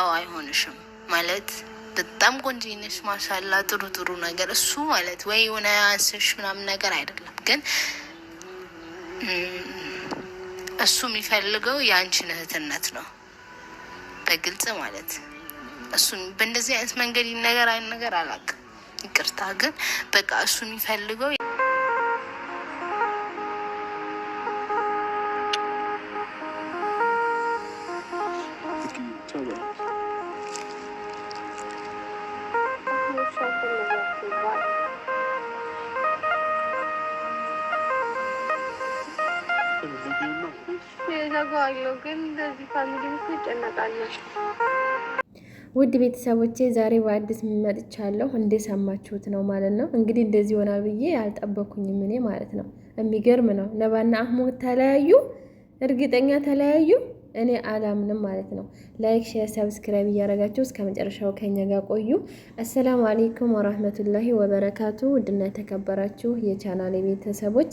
አዎ አይሆንሽም ማለት በጣም ቆንጆ ቆንጆነሽ ማሻላ ጥሩ ጥሩ ነገር እሱ ማለት ወይ የሆነ አንስሽ ምናምን ነገር አይደለም፣ ግን እሱ የሚፈልገው የአንቺን እህትነት ነው። በግልጽ ማለት እሱ በእንደዚህ አይነት መንገድ ይነገር አይነት ነገር አላውቅም፣ ይቅርታ ግን በቃ እሱ የሚፈልገው እዘጋዋለሁ፣ ግን እንደዚህ ፋሚሊ ይጨነቃለች። ውድ ቤተሰቦቼ ዛሬ በአዲስ መጥቻለሁ። እንደሰማችሁት ነው ማለት ነው። እንግዲህ እንደዚህ ይሆናል ብዬ አልጠበኩኝም እኔ ማለት ነው። የሚገርም ነው። ነባና አህሙ ተለያዩ፣ እርግጠኛ ተለያዩ እኔ አላምንም ማለት ነው። ላይክ፣ ሼር፣ ሰብስክራይብ እያደረጋችሁ እስከ መጨረሻው ከኛ ጋር ቆዩ። አሰላሙ አሌይኩም ወራህመቱላሂ ወበረካቱ። ውድና የተከበራችሁ የቻናል ቤተሰቦች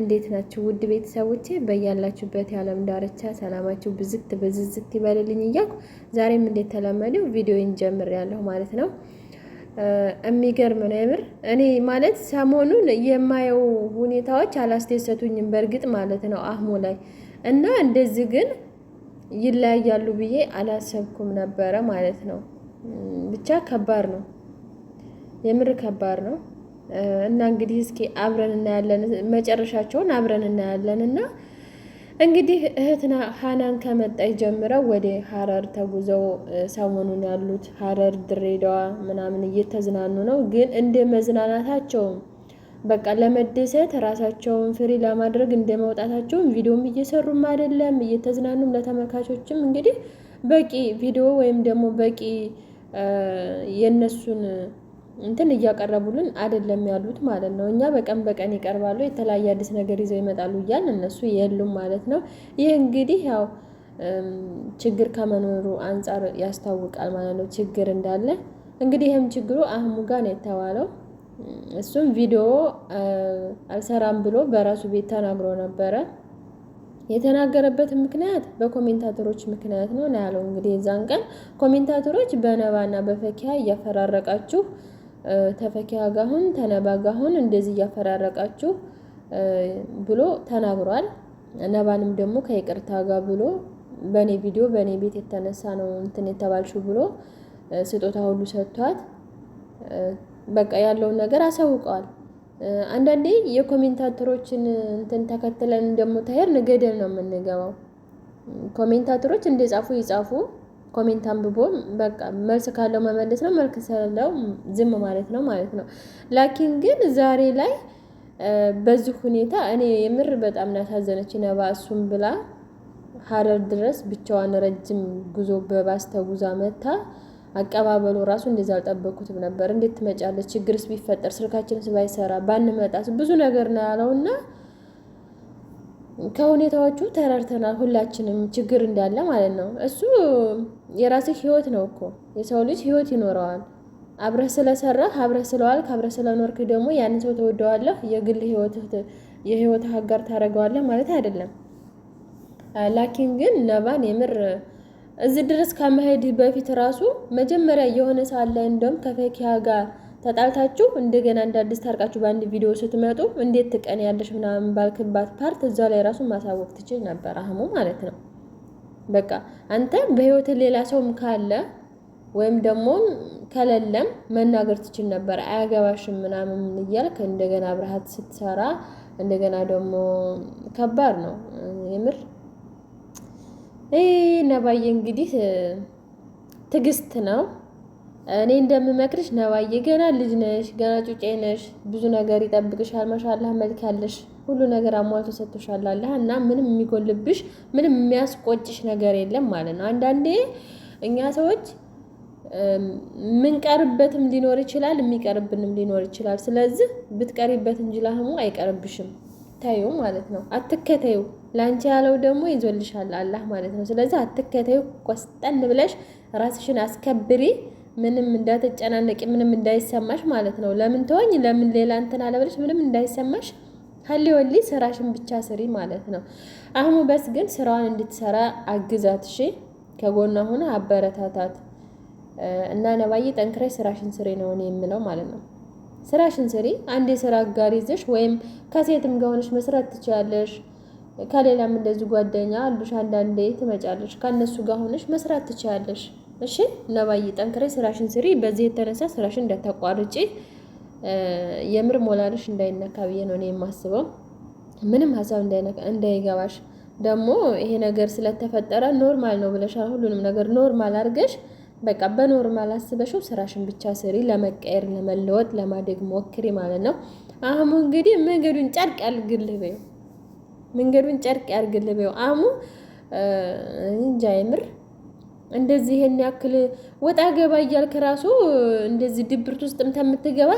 እንዴት ናችሁ? ውድ ቤተሰቦቼ በያላችሁበት የዓለም ዳርቻ ሰላማችሁ ብዝት ብዝዝት ይበልልኝ እያልኩ ዛሬም ተለመደው ቪዲዮን ጀምሬያለሁ ማለት ነው። የሚገርም ነው የምር። እኔ ማለት ሰሞኑን የማየው ሁኔታዎች አላስደሰቱኝም በእርግጥ ማለት ነው አህሙ ላይ እና እንደዚህ ግን ይለያያሉ ብዬ አላሰብኩም ነበረ ማለት ነው። ብቻ ከባድ ነው፣ የምር ከባድ ነው። እና እንግዲህ እስኪ አብረን እናያለን፣ መጨረሻቸውን አብረን እናያለን። እና እንግዲህ እህትና ሀናን ከመጣች ጀምረው ወደ ሀረር ተጉዘው ሰሞኑን ያሉት ሀረር፣ ድሬዳዋ ምናምን እየተዝናኑ ነው። ግን እንደ መዝናናታቸውም በቃ ለመደሰት ራሳቸውን ፍሪ ለማድረግ እንደመውጣታቸውን ቪዲዮም እየሰሩም አይደለም እየተዝናኑም፣ ለተመልካቾችም እንግዲህ በቂ ቪዲዮ ወይም ደግሞ በቂ የእነሱን እንትን እያቀረቡልን አይደለም ያሉት ማለት ነው። እኛ በቀን በቀን ይቀርባሉ፣ የተለያየ አዲስ ነገር ይዘው ይመጣሉ እያል እነሱ የሉም ማለት ነው። ይህ እንግዲህ ያው ችግር ከመኖሩ አንጻር ያስታውቃል ማለት ነው፣ ችግር እንዳለ እንግዲህ ይህም ችግሩ አህሙ ጋር ነው የተባለው። እሱም ቪዲዮ አልሰራም ብሎ በራሱ ቤት ተናግሮ ነበረ። የተናገረበት ምክንያት በኮሜንታተሮች ምክንያት ነው ና ያለው። እንግዲህ የዛን ቀን ኮሜንታተሮች በነባና በፈኪያ እያፈራረቃችሁ ተፈኪያ ጋሁን ተነባ ጋሁን እንደዚህ እያፈራረቃችሁ ብሎ ተናግሯል። ነባንም ደግሞ ከይቅርታ ጋር ብሎ በእኔ ቪዲዮ በእኔ ቤት የተነሳ ነው እንትን የተባልሽው ብሎ ስጦታ ሁሉ ሰጥቷት በቃ ያለውን ነገር አሳውቀዋል። አንዳንዴ የኮሜንታተሮችን እንትን ተከትለን ደግሞ ታሄር ንገደል ነው የምንገባው። ኮሜንታተሮች እንደጻፉ ይጻፉ። ኮሜንት አንብቦ በቃ መልስ ካለው መመለስ ነው፣ መልክ ካለው ዝም ማለት ነው ማለት ነው። ላኪን ግን ዛሬ ላይ በዚህ ሁኔታ እኔ የምር በጣም ናሳዘነች ነባ። እሱም ብላ ሀረር ድረስ ብቻዋን ረጅም ጉዞ በባስ ተጉዛ መታ አቀባበሉ ራሱ እንደዛ አልጠበኩትም ነበር። እንዴት ትመጫለች? ችግርስ ቢፈጠር ስልካችንስ ባይሰራ ባንመጣስ? ብዙ ነገር ነው ያለውና ከሁኔታዎቹ ተረድተናል ሁላችንም ችግር እንዳለ ማለት ነው። እሱ የራስህ ህይወት ነው እኮ የሰው ልጅ ህይወት ይኖረዋል። አብረህ ስለሰራህ አብረህ ስለዋልክ አብረህ ስለኖርክ ደግሞ ያን ሰው ተወደዋለህ። የግል የህይወት አጋር ታደርገዋለህ ማለት አይደለም። ላኪን ግን ነባን የምር እዚህ ድረስ ከመሄድ በፊት ራሱ መጀመሪያ የሆነ ሰዓት ላይ እንደውም ከፈኪያ ጋር ተጣልታችሁ እንደገና እንደ አዲስ ታርቃችሁ በአንድ ቪዲዮ ስትመጡ እንዴት ትቀን ያለሽ ምናምን ባልክባት ፓርት እዛ ላይ ራሱ ማሳወቅ ትችል ነበር፣ አህሙ ማለት ነው። በቃ አንተ በህይወት ሌላ ሰውም ካለ ወይም ደግሞ ከሌለም መናገር ትችል ነበር። አያገባሽም ምናምን እያልክ እንደገና ብርሃት ስትሰራ እንደገና ደግሞ ከባድ ነው የምር ነባዬ እንግዲህ ትዕግስት ነው። እኔ እንደምመክርሽ ነባዬ ገና ልጅ ነሽ፣ ገና ጩጬ ነሽ። ብዙ ነገር ይጠብቅሻል። ማሻአላህ መልክ ያለሽ ሁሉ ነገር አሟልቶ ሰጥቶሻል አላህ እና ምንም የሚጎልብሽ ምንም የሚያስቆጭሽ ነገር የለም ማለት ነው። አንዳንዴ እኛ ሰዎች ምንቀርበትም ሊኖር ይችላል፣ የሚቀርብንም ሊኖር ይችላል። ስለዚህ ብትቀሪበት እንጂ ላህሙ አይቀርብሽም። ታዩ ማለት ነው። አትከተዩ ለአንቺ ያለው ደግሞ ይዞልሻል አላህ ማለት ነው። ስለዚህ አትከተዩ፣ ቆስጠን ብለሽ ራስሽን አስከብሪ። ምንም እንዳትጨናነቂ፣ ምንም እንዳይሰማሽ ማለት ነው። ለምን ተወኝ፣ ለምን ሌላ እንትን አለብለሽ ምንም እንዳይሰማሽ ወሊ ስራሽን ብቻ ስሪ ማለት ነው። አህሙ በስ ግን ስራዋን እንድትሰራ አግዛት፣ እሺ ከጎኗ ሆነ አበረታታት እና ነባዬ ጠንክረሽ ስራሽን ስሪ ነው እኔ የምለው ማለት ነው። ስራሽን ስሪ። አንድ የስራ አጋር ይዘሽ ወይም ከሴትም ጋር ሆነሽ መስራት ትችላለሽ። ከሌላም እንደዚህ ጓደኛ አሉሽ፣ አንዳንዴ ትመጫለሽ፣ ከእነሱ ጋር ሆነሽ መስራት ትችያለሽ። እሺ ነባዬ፣ ጠንክረሽ ስራሽን ስሪ። በዚህ የተነሳ ስራሽን እንዳታቋርጪ፣ የምር ሞላልሽ እንዳይነካ ብዬ ነው እኔ የማስበው። ምንም ሀሳብ እንዳይገባሽ ደግሞ ይሄ ነገር ስለተፈጠረ ኖርማል ነው ብለሻል። ሁሉንም ነገር ኖርማል አድርገሽ በቃ በኖርማል አስበሽው ስራሽን ብቻ ስሪ። ለመቀየር፣ ለመለወጥ፣ ለማደግ ሞክሪ ማለት ነው። አሁን እንግዲህ መንገዱን ጨርቅ ያልግልህ በይው መንገዱን ጨርቅ ያርግልህ በይው። አሙ እንጃ የምር እንደዚህ ይሄን ያክል ወጣ ገባ እያልክ ራሱ እንደዚህ ድብርት ውስጥ የምትገባ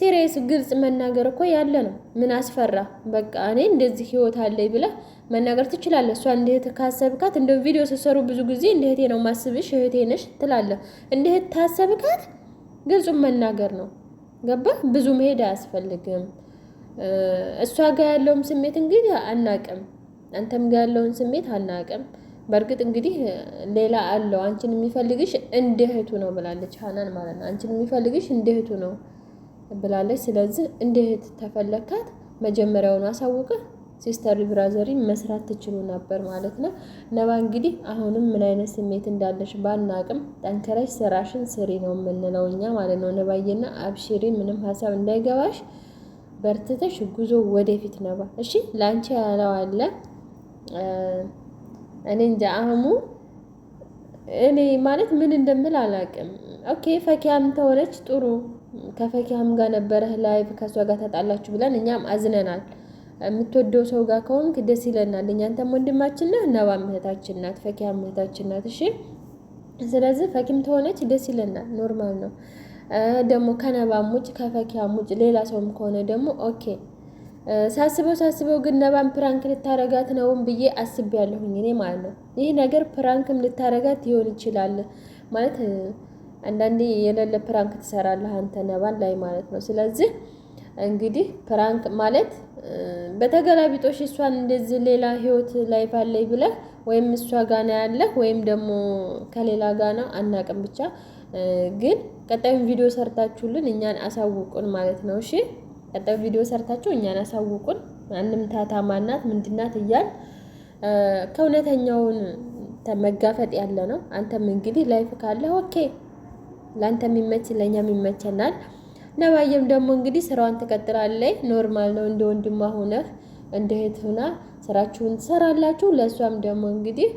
ሴሪየስ፣ ግልጽ መናገር እኮ ያለ ነው። ምን አስፈራ? በቃ እኔ እንደዚህ ህይወት አለኝ ብለህ መናገር ትችላለህ። እሷ እንደት ካሰብካት እንደው ቪዲዮ ስትሰሩ ብዙ ጊዜ እንደህቴ ነው ማስብሽ፣ እህቴ ነሽ ትላለህ። እንደት ታሰብካት ግልጹ መናገር ነው። ገባ ብዙ መሄድ አያስፈልግም። እሷ ጋር ያለውም ስሜት እንግዲህ አናቅም፣ አንተም ጋር ያለውን ስሜት አናቅም። በእርግጥ እንግዲህ ሌላ አለው። አንቺን የሚፈልግሽ እንደህቱ ነው ብላለች ሀናን ማለት ነው። አንቺን የሚፈልግሽ እንደህቱ ነው ብላለች። ስለዚህ እንደህት ተፈለካት መጀመሪያውን አሳውቀ ሲስተር ብራዘሪ መስራት ትችሉ ነበር ማለት ነው። ነባ እንግዲህ አሁንም ምን አይነት ስሜት እንዳለሽ ባናቅም ጠንከረሽ ስራሽን ስሪ ነው የምንለው እኛ ማለት ነው። ነባዬና አብሽሪ ምንም ሀሳብ እንዳይገባሽ በርትተሽ ጉዞ ወደፊት ነባ። እሺ ላንቺ ያለው አለ። እኔ እንጃ አህሙ፣ እኔ ማለት ምን እንደምል አላውቅም። ኦኬ ፈኪያም ተሆነች ጥሩ። ከፈኪያም ጋር ነበረህ ላይቭ፣ ከእሷ ጋር ተጣላችሁ ብለን እኛም አዝነናል። የምትወደው ሰው ጋር ከሆንክ ደስ ይለናል። እኛንተም ወንድማችን ነህ፣ ነባ እህታችን ናት፣ ፈኪያም እህታችን ናት። እሺ ስለዚህ ፈኪም ተሆነች ደስ ይለናል። ኖርማል ነው። ደግሞ ከነባም ውጭ ከፈኪያም ውጭ ሌላ ሰውም ከሆነ ደግሞ ኦኬ። ሳስበው ሳስበው ግን ነባን ፕራንክ ልታረጋት ነውም ብዬ አስቤያለሁኝ እኔ ማለት ነው። ይህ ነገር ፕራንክም ልታረጋት ይሆን ይችላል ማለት አንዳንዴ የሌለ ፕራንክ ትሰራለህ አንተ ነባን ላይ ማለት ነው። ስለዚህ እንግዲህ ፕራንክ ማለት በተገላቢጦሽ እሷን እንደዚህ ሌላ ህይወት ላይ ባለይ ብለህ ወይም እሷ ጋና ያለህ ወይም ደግሞ ከሌላ ጋና አናቅም ብቻ ግን ቀጣዩን ቪዲዮ ሰርታችሁልን እኛን አሳውቁን ማለት ነው። እሺ ቀጣዩ ቪዲዮ ሰርታችሁ እኛን አሳውቁን። ማንም ታታማናት ምንድናት እያል ከእውነተኛውን መጋፈጥ ያለ ነው። አንተም እንግዲህ ላይፍ ካለ ኦኬ፣ ለአንተ የሚመች ለእኛ የሚመቸናል። ነባየም ደግሞ እንግዲህ ስራዋን ትቀጥላለች። ኖርማል ነው። እንደ ወንድማ ሁነህ እንደ እህት ስራችሁን ትሰራላችሁ። ለእሷም ደግሞ እንግዲህ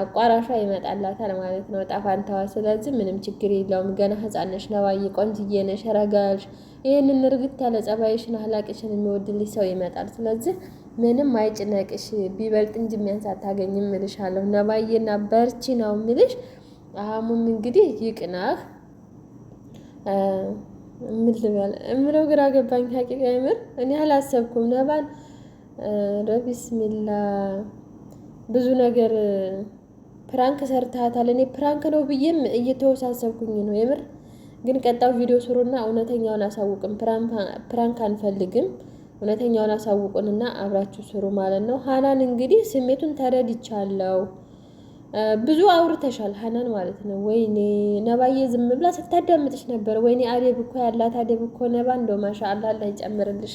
አቋራሿ ይመጣላታል ማለት ነው ዕጣ ፈንታዋ። ስለዚህ ምንም ችግር የለውም። ገና ሕፃን ነሽ፣ ነባዬ፣ ቆንጅዬ ነሽ፣ ረጋሽ። ይህንን እርግጥ ያለ ጸባይሽን አህላቅሽን የሚወድልሽ ሰው ይመጣል። ስለዚህ ምንም አይጭነቅሽ፣ ቢበልጥ እንጂ የሚያንስ አታገኝም እልሻለሁ። ነባዬና በርቺ ነው እምልሽ። አህሙም እንግዲህ ይቅናህ። ምን ልበል እምለው ግራ ገባኝ። ሀቂቃ ይምር እኔ አላሰብኩም ነባን ረቢስሚላ ብዙ ነገር ፕራንክ ሰርታታል። እኔ ፕራንክ ነው ብዬም እየተወሳሰብኩኝ ነው የምር። ግን ቀጣው ቪዲዮ ስሩና እውነተኛውን አሳውቅም። ፕራንክ አንፈልግም፣ እውነተኛውን አሳውቁንና አብራችሁ ስሩ ማለት ነው። ሀናን እንግዲህ ስሜቱን ተረድቻለሁ። ብዙ አውርተሻል ሀናን ማለት ነው። ወይኔ ነባዬ ዝም ብላ ስታዳምጥሽ ነበር። ወይኔ አደብ እኮ ያላት አደብ እኮ ነባ፣ እንደ ማሻአላ ላይ ጨምርልሽ።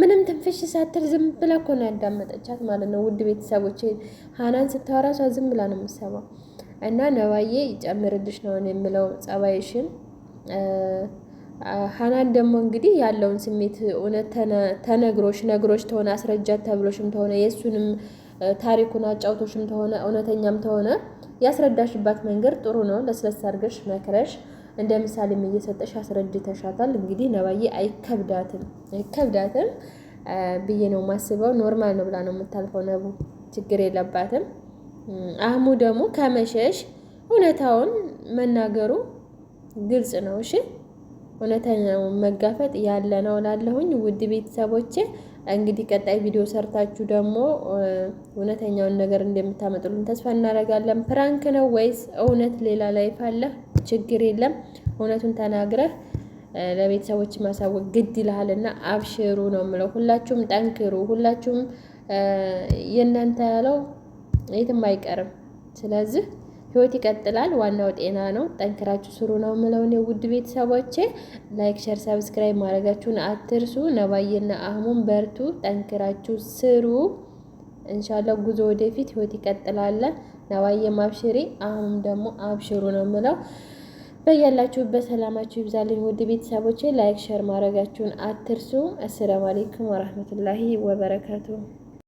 ምንም ትንፍሽ ሳትል ዝም ብላ እኮ ነው ያዳመጠቻት ማለት ነው። ውድ ቤተሰቦች ሀናን ስታወራ እሷ ዝም ብላ ነው የምትሰማው። እና ነባዬ ይጨምርልሽ ነው የምለው ጸባይሽን። ሀናን ደግሞ እንግዲህ ያለውን ስሜት እውነት ተነግሮሽ ነግሮሽ ተሆነ አስረጃት ተብሎሽም ተሆነ የእሱንም ታሪኩን አጫውቶሽም ተሆነ እውነተኛም ተሆነ ያስረዳሽባት መንገድ ጥሩ ነው። ለስለስ አድርገሽ መክረሽ እንደ ምሳሌም እየሰጠሽ አስረድተሻታል። እንግዲህ ነባዬ አይከብዳትም አይከብዳትም ብዬ ነው ማስበው። ኖርማል ነው ብላ ነው የምታልፈው። ነቡ ችግር የለባትም። አህሙ ደግሞ ከመሸሽ እውነታውን መናገሩ ግልጽ ነው። እሺ እውነተኛውን መጋፈጥ ያለ ነው ላለሁኝ ውድ ቤተሰቦቼ እንግዲህ ቀጣይ ቪዲዮ ሰርታችሁ ደግሞ እውነተኛውን ነገር እንደምታመጡልን ተስፋ እናደርጋለን። ፕራንክ ነው ወይስ እውነት ሌላ ላይፍ አለ? ችግር የለም እውነቱን ተናግረህ ለቤተሰቦች ማሳወቅ ግድ ይልሃልና አብሽሩ ነው የምለው። ሁላችሁም ጠንክሩ። ሁላችሁም የእናንተ ያለው የትም አይቀርም። ስለዚህ ህይወት ይቀጥላል። ዋናው ጤና ነው። ጠንክራችሁ ስሩ ነው ምለውን የውድ ቤተሰቦቼ፣ ላይክ፣ ሸር፣ ሰብስክራይብ ማድረጋችሁን አትርሱ። ነባዬና አህሙን በርቱ፣ ጠንክራችሁ ስሩ። እንሻላ ጉዞ ወደፊት፣ ህይወት ይቀጥላል። ነባዬም አብሽሪ፣ አህሙም ደግሞ አብሽሩ ነው ምለው። በያላችሁበት ሰላማችሁ ይብዛልኝ። ውድ ቤተሰቦቼ፣ ላይክ፣ ሸር ማድረጋችሁን አትርሱ። አሰላሙ አሌይኩም ወረህመቱላሂ ወበረካቱሁ።